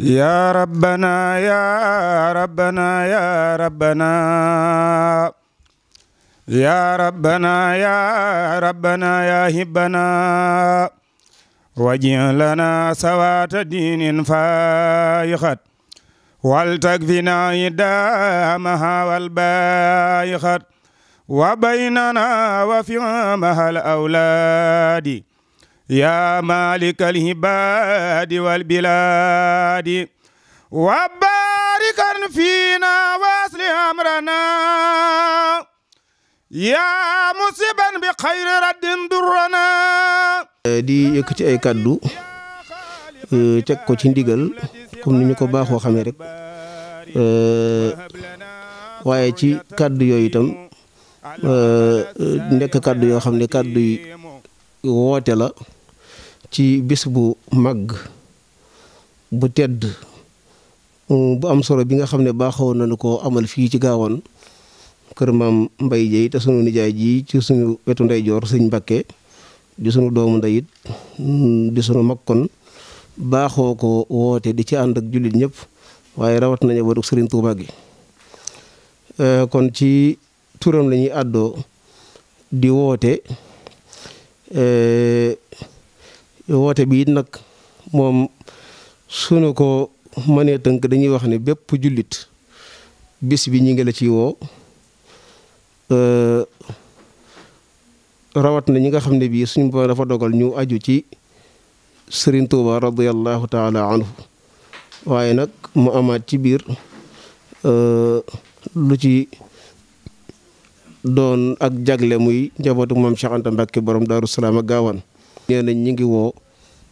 يا ربنا يا ربنا يا ربنا يا ربنا يا ربنا يا هبنا واجعل لنا سوات دين فايخت والتكفنا إدامها والبايخت وبيننا وفي مها الأولاد يا مالك الهباد والبلاد وباركا فينا واصل أمرنا يا مصيبا بخير رد درنا di yëkkati ay kàddu teg ko ci ndigal comme ni ñu ko baaxoo xamee rek waaye ci kàddu yooyu itam nekk kàddu yoo xam ne kàddu woote la ci bis bu màgg bu tedd mm, bu am solo bi nga xam ne baaxoo nañu koo amal fii ci gaawoon kër maam Mbaye Dieye te sunu nijaay jii ci suñu wetu ndeyjoor sëñ Mbakke di sunu doomu ndeyit mm, di sunu mag kon baaxoo ko woote di ci ànd ak jullit ñëpp waaye rawat nañu ba dugg Serigne Touba gi euh, kon ci turam lañuy àddoo di woote. Euh, woote bi nag moom sunu ko mënee tënk dañuy wax ni bépp jullit bis bi ñu ngi la ci woo euh, rawat na ñi nga xam ne bii suñu borom dafa dogal ñu aju ci Serigne Touba radiyallahu taala anhu waaye nag mu amaat ci biir euh, lu ci doon ak jagle muy njabootu moom Cheikh Anta Mbacke borom Daaru Salaam ak gaawan nee nañ ñi ngi woo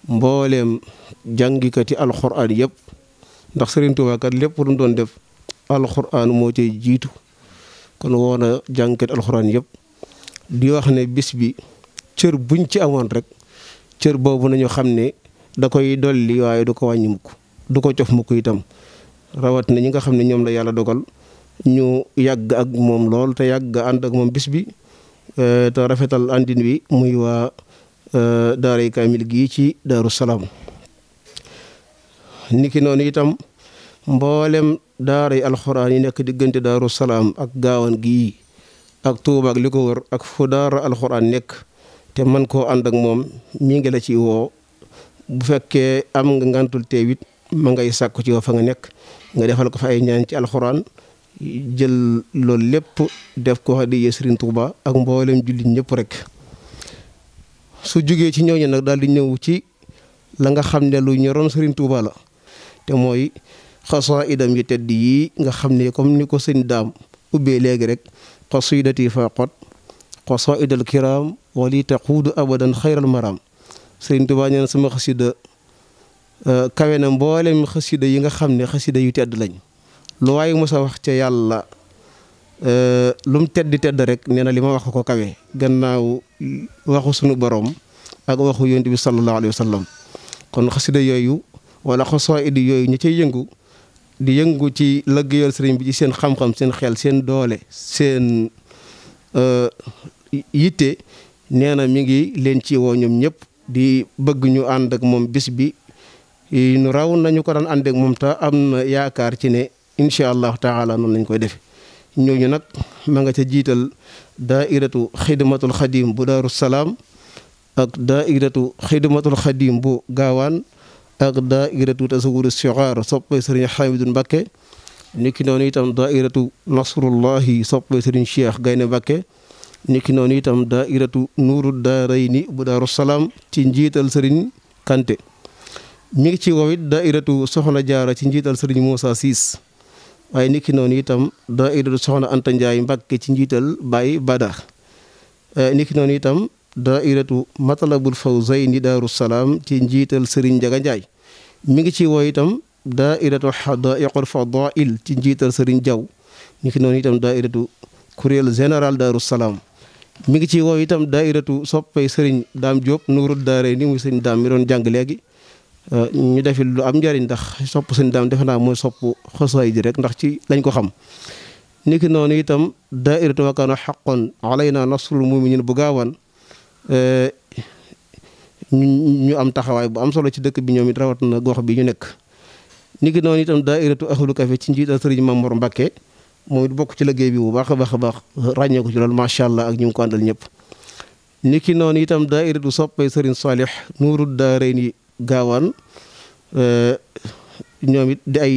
mbooleem jàngikati alxuraan yëpp ndax Serigne Touba lépp lu mu doon def alxuraan moo cay jiitu kon woo na jàngikati alxuraan yëpp di wax ne bis bi cër buñ ci amoon rek cër boobu nañu xam ne da koy dolli waaye du ko wàññi mukk du ko cof mukk itam rawat na ñi nga xam ne ñoom la yàlla dogal ñu yàgg ak moom lool te yàgg ànd ak moom bis bi eh, te rafetal àndin wi muy waa Euh, daaray kaamil gii ci daaru salaam niki noonu itam mboolem daaray alxuraan yi nekk diggante daaru salaam ak gaawan gii ak tuuba li ko wër ak fu daara alxuraan nekk te man koo ànd ak moom mi ngi la ci woo bu fekkee am nga ngantul teewit ma ngay sàkku ci yow fa nga nekk nga defal ko fa ay ñaan ci alxuraan jël loolu lépp def ko hadiya Sëriñ Tuuba ak mboolem jullit ñëpp rek su jógee ci ñooñu nag daal di ñëw ci la nga xam ne lu ñoroon Serigne Touba la te mooy xasaidam yi tedd yi nga xam ne comme ni ko sëñ daam ubbee léegi rek qasidati faqat qasaidal kiram wali taquudu abadan xayral maram Serigne Touba nee na sama xasida euh, kawe na mboolem xasida yi nga xam ne xasida yi tedd lañ lu waaye mos wax ca yàlla Euh, lu mu tedd tedd rek nee na li ma wax ko kawe gannaaw waxu sunu borom ak waxu yonent bi sallallahu alayhi wa sallam kon xasida yooyu wala xasaayid yooyu ñu cay yëngu di yëngu ci lëggéeyal sëriñ bi ci seen xam-xam seen xel seen doole seen euh, yitte nee na mi ngi leen ci woo ñoom ñëpp di bëgg ñu ànd ak moom bis bi nu raw nañu ko daan ànd ak moom te am na yaakaar ci ne incha allahu taala noonu lañ koy defe ñooñu nag ma nga ca jiital daairatu xidmatul xadim bu daaru salaam ak daairatu xidmatul xadim bu gaawaan ak daairatu tasawuru sigaar soppe sëriñ xamidu mbakke niki noonu itam daairatu nasrullahi soppe sëriñ cheikh gaynde mbakke niki noonu itam daairatu nuuru daarayni bu daaru salaam ci njiital sëriñ kante mi ngi ci wowit daairatu soxna jaara ci njiital sëriñ Moussa Siis waaye niki eh, noonu itam daairatu soxna Anta Ndiaye Mbàkke ci njiital Baye Bada niki noonu itam daairatu matalabul fawzayni daaru salaam ci njiital Serigne Ndiaga Ndiaye mi ngi ci woo itam daairatu xadaaiqul fadail ci njiital Serigne Diaw niki noonu itam daairatu kuréel général daaru salaam mi ngi ci woo itam daairatu soppay sëriñ Dame Diop nuurul daare ni muy Serigne Dame mi doon jàng léegi Euh, ñu defi lu am njariñ ndax sopp sëñ daam defe naa mooy sopp xasaay di rek ndax ci lañ ko xam niki noonu itam daairatu wa kaana xaqan alayna nasrul muminin bu gaawan euh, ñu am taxawaay bu am solo ci dëkk bi ñoom it rawat na gox bi ñu nekk niki noonu itam daairatu ahlu kafe ci njiital sëriñ Mamour Mbakke moom it bokk ci liggéey bi bu baax a baax a baax ràññee ci loolu macha allah ak ñu ngi ko àndal ñëpp noonu itam daairatu soppay sëriñ Salih nuuru gaawaan euh, ñoom it di ay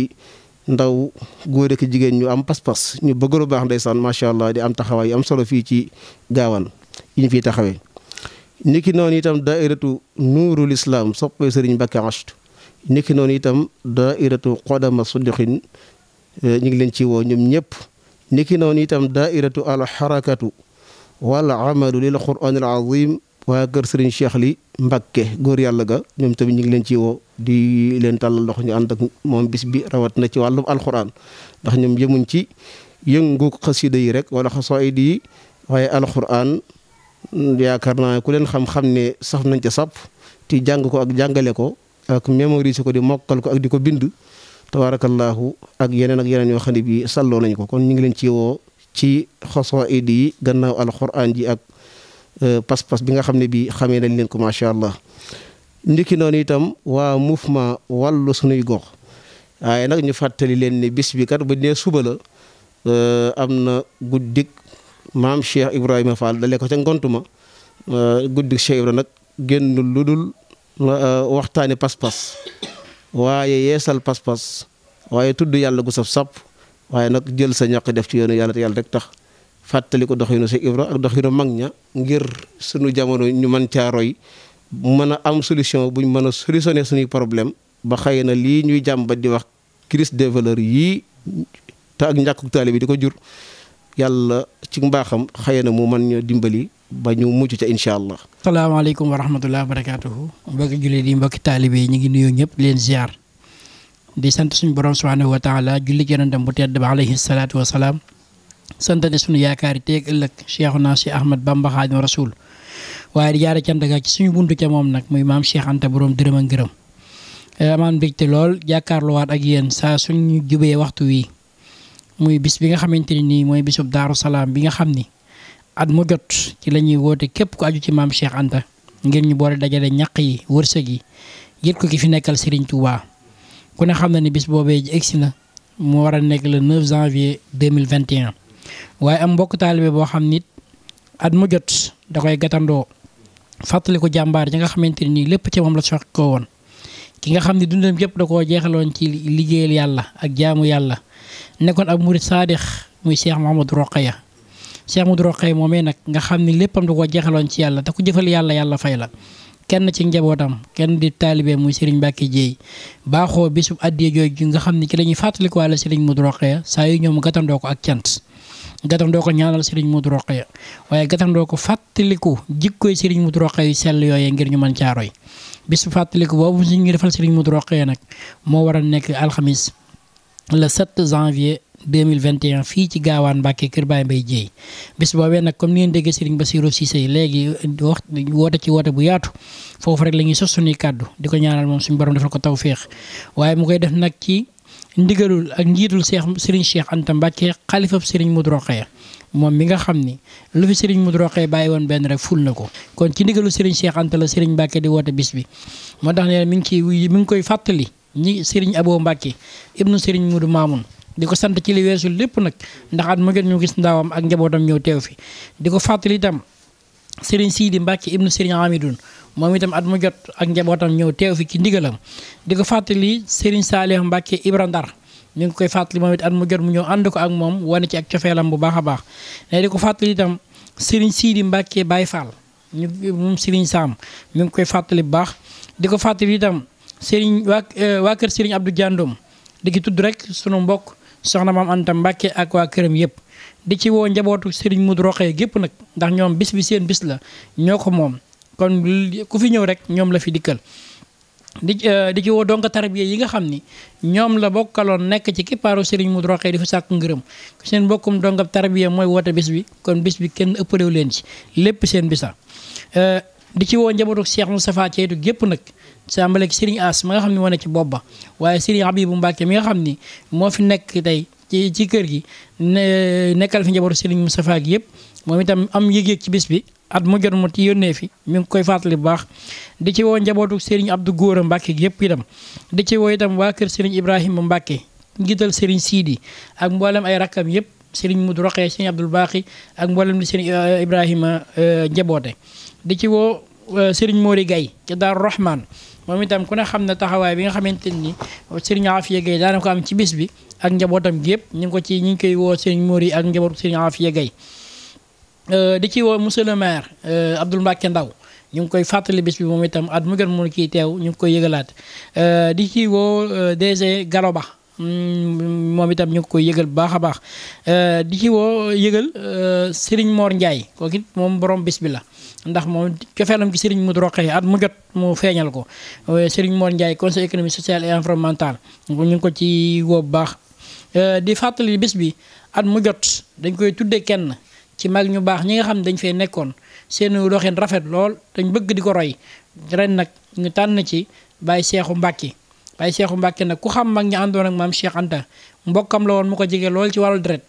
ndaw góor ak jigéen ñu am pas-pas ñu bëgg lu baax ndeysaan macha allah di am taxawaay am solo fii ci gaawaan yi ñu fiy taxawee. niki noonu itam daairatu nuurul islaam soppee sëriñ Mbàkke Astu niki noonu itam daairatu qodama suddiqin euh, ñu ngi leen ci woo ñoom ñëpp. niki noonu itam daairatu al xarakatu amalu lil quraan al waa kër Serigne Cheikh li Mbacke góor yàlla ga ñoom tamit ñu ngi leen ci woo di leen tàllal loxo ñu ànd ak moom bis bi rawat na ci wàllum alxuraan ndax ñoom yemuñ ci yëngu xasida yi rek wala xasaayid yi waaye alxuraan yaakaar naa ku leen xam-xam ne saf nañ ca sap ti jàng ko ak jàngale ko ak mémoriser ko di mokkal ko ak di ko bind tabaarakallaahu ak yeneen ak yeneen yoo xam ne bi sàlloo nañ ko kon ñu ngi leen ci woo ci xasaayid yi gannaaw alxuraan ak Euh, pas-pas bi nga xam ne bii xamee nañ leen ko macha allah ndiki noonu itam waa mouvement wàllu sunuy gox waaye nag ñu fàttali leen ne bis bi kat bu nee suba la euh, am na guddik maam Cheikh Ibrahima Fall dalee ko ca ngontuma euh, guddik Cheikh Ibrahima nag génn lu dul waxtaane pas-pas waaye yeesal pas-pas waaye tudd yàlla gu saf sàpp waaye nag jël sa ñaq def ci yoonu yàlla te yàlla rek tax fàttali ko doxinu Cheikh Ibra ak doxinu mag ña ngir sunu jamono ñu mën caa roy mën a am solution buñ mën a solutionner suñuy problème ba xëy na lii ñuy jàmbat di wax crise des valeurs yii te ak ñàkkuk taalibe bi di ko jur yàlla ci mbaaxam xëy na mu mën ñu dimbali ba ñu mucc ca incha allah. salaamaaleykum wa rahmatulah barakaatuhu. mbokki jullit di mbokki taalibe yi ñu ngi nuyoo ñëpp leen ziar. di sant suñu borom subhanahu wa taala julli ci yonentam bu tedd ba alayhi salaatu salaam santane sunu yaakaar yi teeg ëllëg Cheikhuna Cheikh Ahmad Bamba Xaadimu Rasuul waaye di jaare cant ga ci suñu buntu ca moom nag muy maam Cheikh Anta borom dërëm a ngërëm eh, amaan mbégte lool jàkkaarloowaat ak yéen saa suñu jubee waxtu wii muy bis bi nga xamante ne nii mooy bisub Daaru Salaam bi nga xam ni at mu jot ci la ñuy woote képp ku aju ci maam Cheikh Anta ngir ñu boole dajale ñaq yi wërsëg yi yët ko ki fi nekkal Serigne Touba ku ne xam na ni bis boobee egsi na mu war nekk le 9 janvier 2021 waaye am mbokk taalibe boo xam nit at mu jot da koy gàttandoo fàttali ko jàmbaar ji nga xamante ne nii lépp ci moom la soxla ko woon. ki nga xam ne dundam yëpp da koo jeexaloon ci liggéeyal yàlla ak jaamu yàlla nekkoon ab murit saadix muy mu Cheikh Mouhamadou Rokhaya Cheikh Mouhamadou Rokhaya moomee nag nga xam ne léppam da koo jeexaloon ci yàlla te ku jëfal yàlla yàlla fay la. kenn ci njabootam kenn di taalibe muy Serigne Mbacke Dieye baaxoo bisub addiya jooju nga xam ne ci la ñuy fàttalikuwaale Serigne Modou Rokhaya saa yu ñoom gàttandoo ko ak cant gàttandoo ko ñaanal Serigne Modou Rokhaya waaye gàttandoo ko fàttaliku jikkoy mu Modou Rokhaya yu sell yooyee ngir ñu man caaro caaroy bis fàttaliku boobu ñu ngi defal Serigne Modou Rokhaya nag moo war a nekk alxamis le 7 janvier 2021 fii ci gaawaan Mbàkke kër Baye bay Dieye bis boobee nag comme ni ngeen déggee Serigne Bassirou Cissé léegi wax woote ci woote bu yaatu foofu rek la ñuy sos suñuy kàddu di ko ñaanal moom suñu borom defal ko tawféex waaye mu koy def nag ndigalul ak njiitul seex Serigne Cheikh Anta Mbacke xalifab Serigne Modou Rokhaya moom mi nga xam ni lu fi Serigne Modou Rokhaya bàyyi woon benn rek ful na ko kon ci ndigalu Serigne Cheikh Anta la Serigne Mbacke di woote bis bi moo tax ne mi ngi ciy mi ngi koy fàttali ñi Serigne Abo Mbacke ibnu Serigne Modou Mamoun di ko sant ci li weesu lépp nag ndax at mu ngeen ñu gis ndaawam ak njabootam ñëw teew fi di ko fàttali itam Serigne Sidi Mbacke ibnu Serigne Amidoun moom itam at mu jot ak njabootam ñëw teew fi ci ndigalam di ko fàttali Serigne Saliou Mbacke Ibra Ndar mi ngi koy fàttali moom it at mu jot mu ñëw ànd ko ak moom wane ci ak cofeelam bu baax a baax ne di ko fàttali itam Serigne Sidi Mbacke Baye Fall ñu moom Serigne Sam ngi koy fàttali bu baax di ko fàttali itam Serigne waa euh, waa kër Serigne Abdou Diandoum di ki tudd rek sunu mbokk soxna maam Anta Mbacke ak waa këram yëpp di ci woo njabootu Serigne Modou Rokhaya gépp nag ndax ñoom bis bi seen bis la ñoo ko moom kon ku fi ñëw rek ñoom la fi dikkal di eh, di ci woo donc tarbiya yi nga xam ni ñoom la bokkaloon nekk ci kippaaru sëriñ mu Rokhaya di fa sàkku ngërëm seen bokkum dongab tarbiya mooy woote bis bi kon bis bi kenn ëppalew leen ci lépp seen bisa eh, di ci woo njabootu Cheikh safaa Ceytu gépp nag sàmbale ak sëriñ As ma nga xam ne moo ne ci bopp ba waaye sëriñ bu Mbàkke mi nga xam ni moo fi nekk tey ci ci kër gi nekkal fi njabootu sëriñ Moustapha gi yëpp moom itam am yëg-yëg ci bis bi at mu jot mu yónnee fi mi ngi koy fàttali bu baax di ci woo njabootu Serigne Abdou Gora Mbacke yëpp itam di ci woo itam waa kër Serigne Ibrahima Mbacke njiital Serigne Sidi ak mboolem ay rakkam yëpp Serigne Modou Roqee Serigne Abdoul Baqi ak mboolem di Serigne euh, Ibrahima euh, njaboote di ci woo euh, Serigne moori gay ci Daaru Rahman moom itam ku ne xam ne taxawaay bi nga xamante ni Serigne Afia Gaye daana ko am ci bis bi ak njabootam gi yëpp ñu ngi ko ci ñu ngi koy woo Serigne Mori ak njabootu Serigne Afia Gaye Euh, di ci woo monsieur le maire euh, Abdoul Mbacke Ndaw ñu ngi koy fàttali bis bi moom itam at mu gën mu teew ñu ngi koy yëgalaat euh, di ci woo DG Garoba mm, moom itam ñu ngi koy yëgal bu baax a baax di ci woo yëgal Serigne Mor Ndiaye kooku it moom borom bis bi la ndax moom cofeelam ci Serigne Modou yi at mu jot mu feeñal ko Serigne Mor Ndiaye conseil économique social et environnemental ñu ngi ko ci woo bu baax di fàttali bis bi at mu dañ koy tuddee kenn. ci mag ñu baax ñi nga xam ne dañ fee nekkoon seen doxin rafet lool dañ bëgg di ko roy ren nag ñu tànn ci Baye Cheikhou Mbacké Baye Cheikhou Mbacké nag ku xam mag ñi àndoon ak maam Cheikh Anta mbokkam la woon mu ko jege lool ci wàllu deret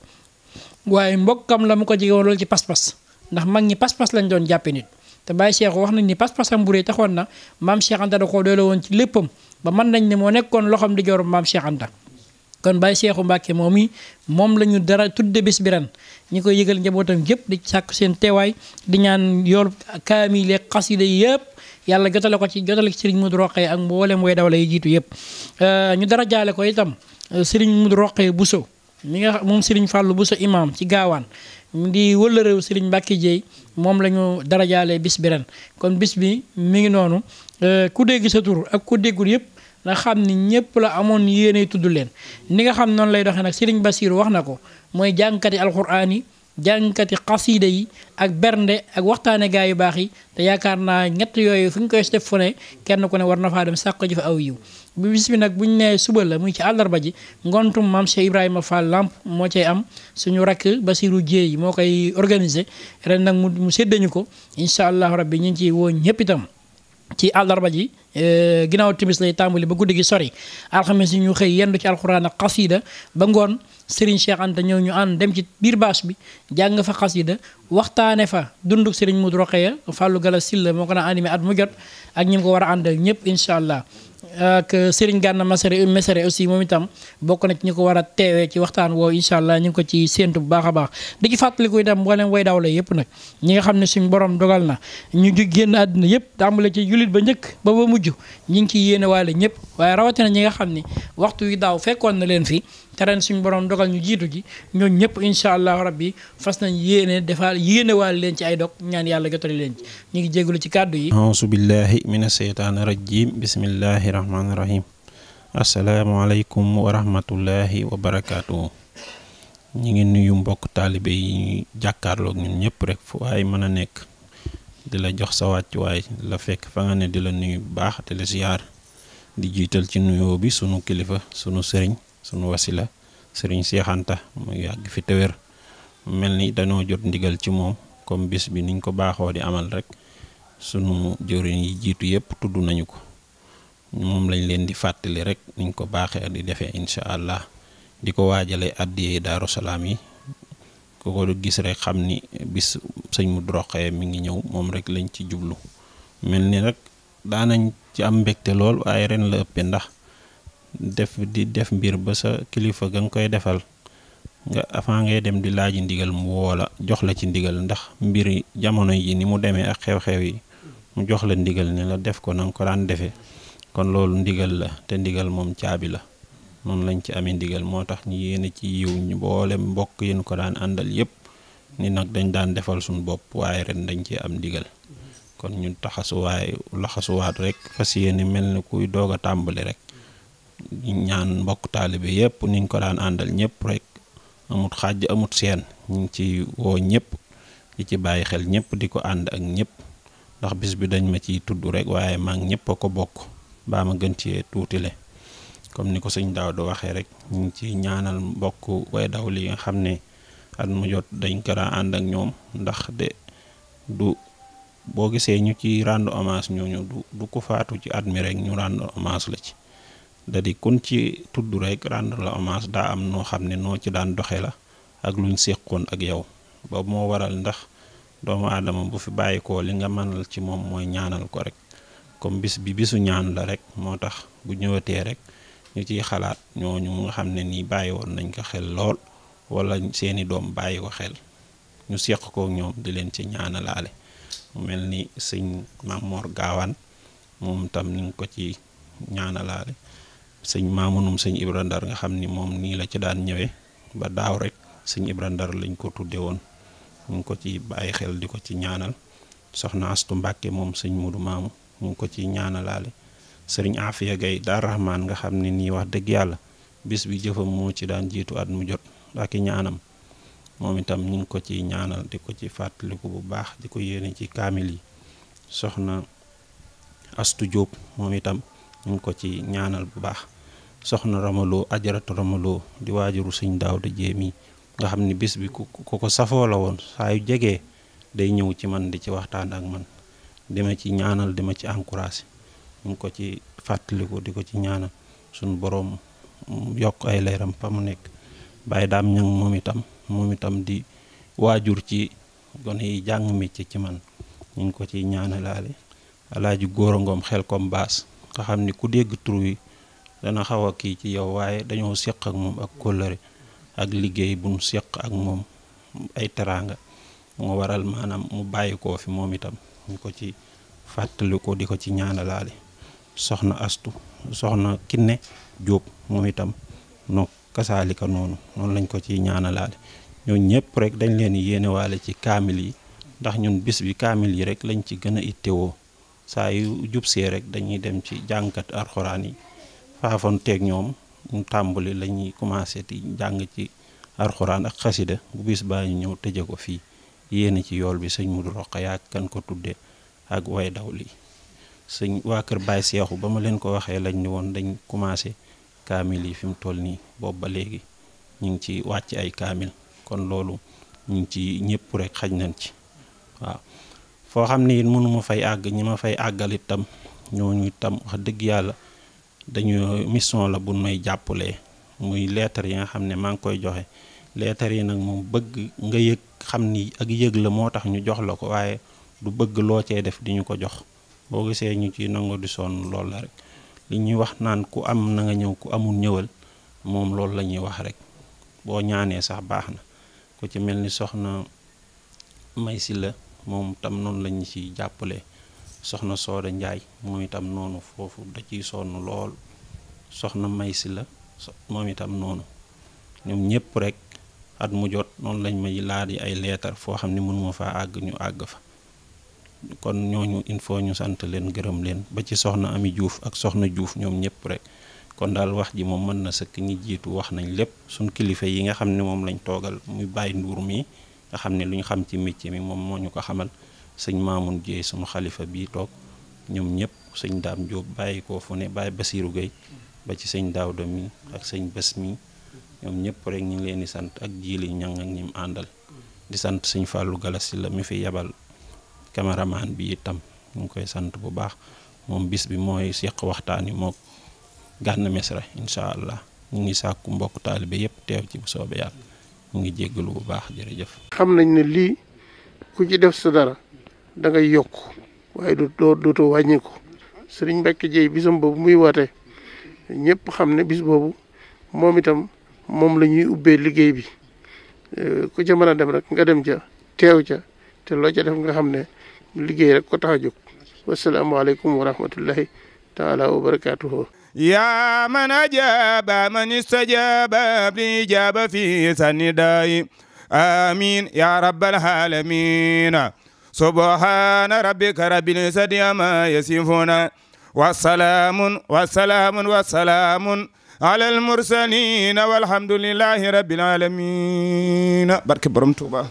waaye mbokkam la mu ko jege woon ci pas-pas ndax mag ñi pas-pas lañ doon jàppe nit te Baye Cheikh wax nañ ni pas-pasam bu rëy taxoon na maam Cheikh Anta da koo woon ci léppam ba mën nañ ne moo nekkoon loxoom di joor maam Cheikh Anta kon Baye Cheikhou Mbacké moom i moom la ñu dara tudde bés bi ñu koy yëgal njabootam gépp di sàkk seen teewaay di ñaan xas yi xasida yëpp yàlla jotale ko ci jotale ko ci sëriñ Modou Rokhaya ak mboolem way dawla yi jiitu yëpp euh, ñu dara jaale ko itam euh, sëriñ Modou Rokhaya Bousso mi nga moom sëriñ Fallou Bousso imam ci gaawaan di wëllëreew sëriñ Mbacke Dieye moom la ñu darajaale bis bereen kon bis bi mi ngi noonu euh, ku dégg sa tur ak ku déggul yëpp nga xam ni ñëpp la amoon yéenay tudd leen ni nga xam noonu lay doxee nag Serigne Bassirou wax na ko mooy jàngkati alxuraan yi jàngkati xasiida yi ak bernde ak waxtaane gaa yu baax yi te yaakaar naa ñett yooyu fu ñu koy def fu ne kenn ku ne war na faa dem sàkko ji fa aw yiw bu bis bi nag bu ñu nee suba la muy ci àllarba ji ngontum maam Cheikh Ibrahima Fall Lamp moo cay am suñu rakk Basirou yi moo koy organiser ren nag mu séddañu ko incha allah rabbi ñu ngi ciy woo ñëpp itam ci àllarba ji e, ginnaaw timis lay tàmbali ba guddi gi sori alxames yi ñu xëy yendu ci alxuraan ak xasida ba ngoon Serigne Cheikh Anta ñëw ñu ànd dem ci biir bâche bi jàng fa xasida waxtaane fa dunduk Serigne Modou Rokhaya Fallou Gala Silla moo ko na animé at mu jot ak ñi mu ko war a ànd ñëpp incha allah ak Serigne Gana Messere Messere aussi moom itam bokk na ci ñu ko war a teewee ci waxtaan woowu incha allah ñu ngi ko ci séentu bu baax a baax di ci fàttaliku itam mboolem way daaw la yëpp nag ñi nga xam ne suñ borom dogal na ñu génn àddina yëpp tàmbale ci jullit ba njëkk ba ba mujj ñi ngi ciy yéene waale ñëpp waaye rawatina ñi nga xam ni waxtu wi daaw fekkoon na leen fi te ren suñ borom dogal ñu jiitu ji ñooñu ñëpp incha allah rabbi fas nañ yéene defal yéene waale leen ci ay dog ñaan yàlla jotali leen ci ñu ngi jégalu ci kàddu yi rahmaani rahim asalaamaaleykum wa rahmatullahi ñu ngi nuyu mbokk taalibe yi ñu jàkkaarloog ñun ñëpp rek fu waaye mën a nekk di la jox sa wàccuwaay di la fekk fa nga ne di la nuyu bu baax di la ziar di jiital ci nuyoo bi sunu kilifa sunu sëriñ sunu wasila sëriñ seexanta Anta mu yàgg fi te mel ni dañoo jot ndigal ci moom comme bis bi niñ ko baaxoo di amal rek sunu jëwriñ yi jiitu yëpp tudd nañu ko moom lañ leen di fàttali rek niñ ko baaxee di defee incha allah di ko waajale addiyee daaru salaam yi ku ko gis rek xam ni bis sëñ mu droxee mi ngi ñëw moom rek lañ ci jublu mel ni rek daanañ ci am mbégte lool waaye ren la ëppee ndax def di def mbir ba sa kilifa ga nga koy defal nga avant ngay dem di laaji ndigal mu woo jox la ci ndigal ndax mbiri jamono yi ni mu demee ak xew-xew yi mu jox la ndigal ne la def ko na ko daan defee kon loolu ndigal la te ndigal moom caabi la noonu lañ ci amee ndigal moo tax ñu yéene ci yiw ñu boole mbokk yi ñu ko daan àndal yëpp ni nag dañ daan defal suñ bopp waaye ren dañ ci am ndigal kon ñu taxasuwaay rek fas yéene mel ni kuy doog a tàmbali rek ñaan mbokk taalibe yëpp ni ñu ko daan àndal ñëpp rek amut xàjj amut seen ñu ngi ci woo ñëpp di ci bàyyi xel ñëpp di ko ànd ak ñëpp ndax bis bi dañ ma ciy tudd rek waaye maa ngi a ko bokk baa ma gën ci tuuti tuutile comme ni ko sëñ daaw du waxee rek ñu ci ñaanal mbokk way daw li nga xam ne at mu jot dañ kara ànd ak ñoom ndax de du boo gisee ñu ci rendre hommage ñooñu du du ko faatu ci at mi rek ñu rendre hommage la ci da di kun ci tudd rek rendre la hommage daa am noo xam ne noo ci daan doxe la ak luñ séqoon ak yow ba moo waral ndax doomu aadama bu fi bàyyi ko li nga mënal ci moom mooy ñaanal ko rek comme bis bi bisu ñaan la rek moo tax bu ñëwatee rek ñu ciy xalaat ñooñu nga xam ne nii bàyyi woon nañ ko xel lool wala seeni doom bàyyi ko xel ñu seq kook ñoom di leen ci ñaanalaale mu mel ni sëñ Mamor Gaawaan moom tam ni nga ko ci ñaanalaale sëñ Maamunum sëñ Ibra Ndar nga xam ni moom nii la ci daan ñëwee ba daaw rek sëñ Ibra Ndar lañ ko tudde woon ñu ngi ko ci bàyyi xel di ko ci ñaanal soxna Astu Mbàkke moom sëñ Mudu Maamu mu ngi ko ci ñaanalaale sëriñ Afia Gaye Daar Rahman nga xam ne nii wax dëgg yàlla bis bi jëfam moo ci daan jiitu at mu jot ak ñaanam moom itam ñu ngi ko ci ñaanal di ko ci fàttaliku bu baax di ko yéene ci kaamil yi soxna Astu Jóob moom itam ñu ngi ko ci ñaanal bu baax soxna ramaloo ajaratu ramaloo di waajuru suñ daaw da jéemi nga xam ni bis bi ku ko safoo la woon saayu yu jegee day ñëw ci man di ci waxtaan ak man di ci ñaanal di ci encouragé mu ngi ko ci fàttaliku di ko ci ñaanal suñu boroom yokk ay leeram fa mu nekk bàyyi daam ñang moom itam moom itam di waajur ci gone yi jàng métier ci man mu ngi ko ciy ñaanalaale alaaji góor ngoom xel kom baas nga xam ni ku dégg tur wi dana xaw a kii ci yow waaye dañoo seq ak moom ak kóllëre ak liggéey bu nu seq ak moom ay teraanga moo waral maanaam mu bàyyi koo fi moom itam ñu ko ci fàttali ko di ko ci ñaanalaale soxna astu soxna kinne jóob moom itam no kasaalika noonu noonu lañ ko ci ñaanalaale ñoo ñëpp rek dañ leen yéenewaale ci kaamil yi ndax ñun bis bi kaamil yi rek lañ ci gën a ittewoo saa yu jubsee rek dañuy dem ci jàngat arxuraan yi faafoon teeg ñoom ñu tàmbali lañuy ñuy commencé di jàng ci arxuraan ak xasida bu bis baa ñëw tëje ko fii yéene ci yool bi sëñ Mudu Rokhaya ak kan ko tudde ak way daw lii sëñ waa kër Baye Seexu ba ma leen ko waxee lañ ni woon dañ commencé kaamil yi fi mu toll nii boobu ba léegi ñu ngi ci wàcc ay kaamil kon loolu ñu ngi ci ñëpp rek xaj nañ ci waaw foo xam ne it mënuma fay àgg ñi ma fay àggal itam ñooñu itam wax dëgg yàlla dañu mission la bu may jàppalee muy lettre yi nga xam ne maa ngi koy joxe leetar yi nag moom bëgg nga yëg xam ni ak yëg la moo tax ñu jox la ko waaye du bëgg loo cee def di ñu ko jox boo gisee ñu ci nango di sonn lool la rek li ñuy wax naan ku am na nga ñëw ku amul ñëwal moom loolu la ñuy wax rek boo ñaanee sax baax na ku ci mel ni soxna may si la moom tam noonu lañu ci jàppale soxna sooda njaay moom itam noonu foofu da ciy sonn lool soxna may si la moom itam ñépp rek at mu jot noonu lañ may laaj ay leetar foo xam ne mënuma faa àgg ñu àgg fa kon ñooñu il ñu sant leen gërëm leen ba ci soxna Ami juuf ak soxna juuf ñoom ñëpp rek kon daal wax ji moom mën na sëkk ñi jiitu wax nañ lépp suñ kilifa yi nga xam ne moom lañ toogal mu bàyyi nduur mi nga xam ne lu ñu xam ci métier mi moom moo ñu ko xamal sëñ Maamun Jeey sunu xalifa bii toog ñoom ñëpp sëñ Daam Jóob bàyyi koo fu ne bàyyi Basiiru Gay ba ci sëñ Daawda ak sëñ Bas mi ñoom ñëpp rek ñu ngi leen di sant ak jiili ñang ak ñim àndal di sant suñ Fallou Galass la mi fi yebal kamaramaan bi itam ñu ngi koy sant bu baax moom bis bi mooy seq waxtaan yi mook Gana Messere incha allah ñu ngi sàkku mbokk taalibe yëpp teew ci bu soobee yàlla mu ngi jéggalu bu baax jërëjëf. xam nañ ne lii ku ci def sa dara da yokk waaye du dootoo wàññi ko sëriñ Mbacke Dieye bisam boobu muy woote ñëpp xam ne bis boobu moom itam. moom lañuy ñuy liggéey bi euh, ku ca mën a dem rek nga dem ca teew ca te loo def nga ne liggéey rek ko tax a jóg wasalaamaaleykum taala wa barakaatuhu يا من أجاب من استجاب بإجابة في سنداي آمين يا رب العالمين سبحان ربك رب العزة عما يصفون والسلام والسلام والسلام ala al mursalin walhamdulillahi rabbil alamin barke borom Tuuba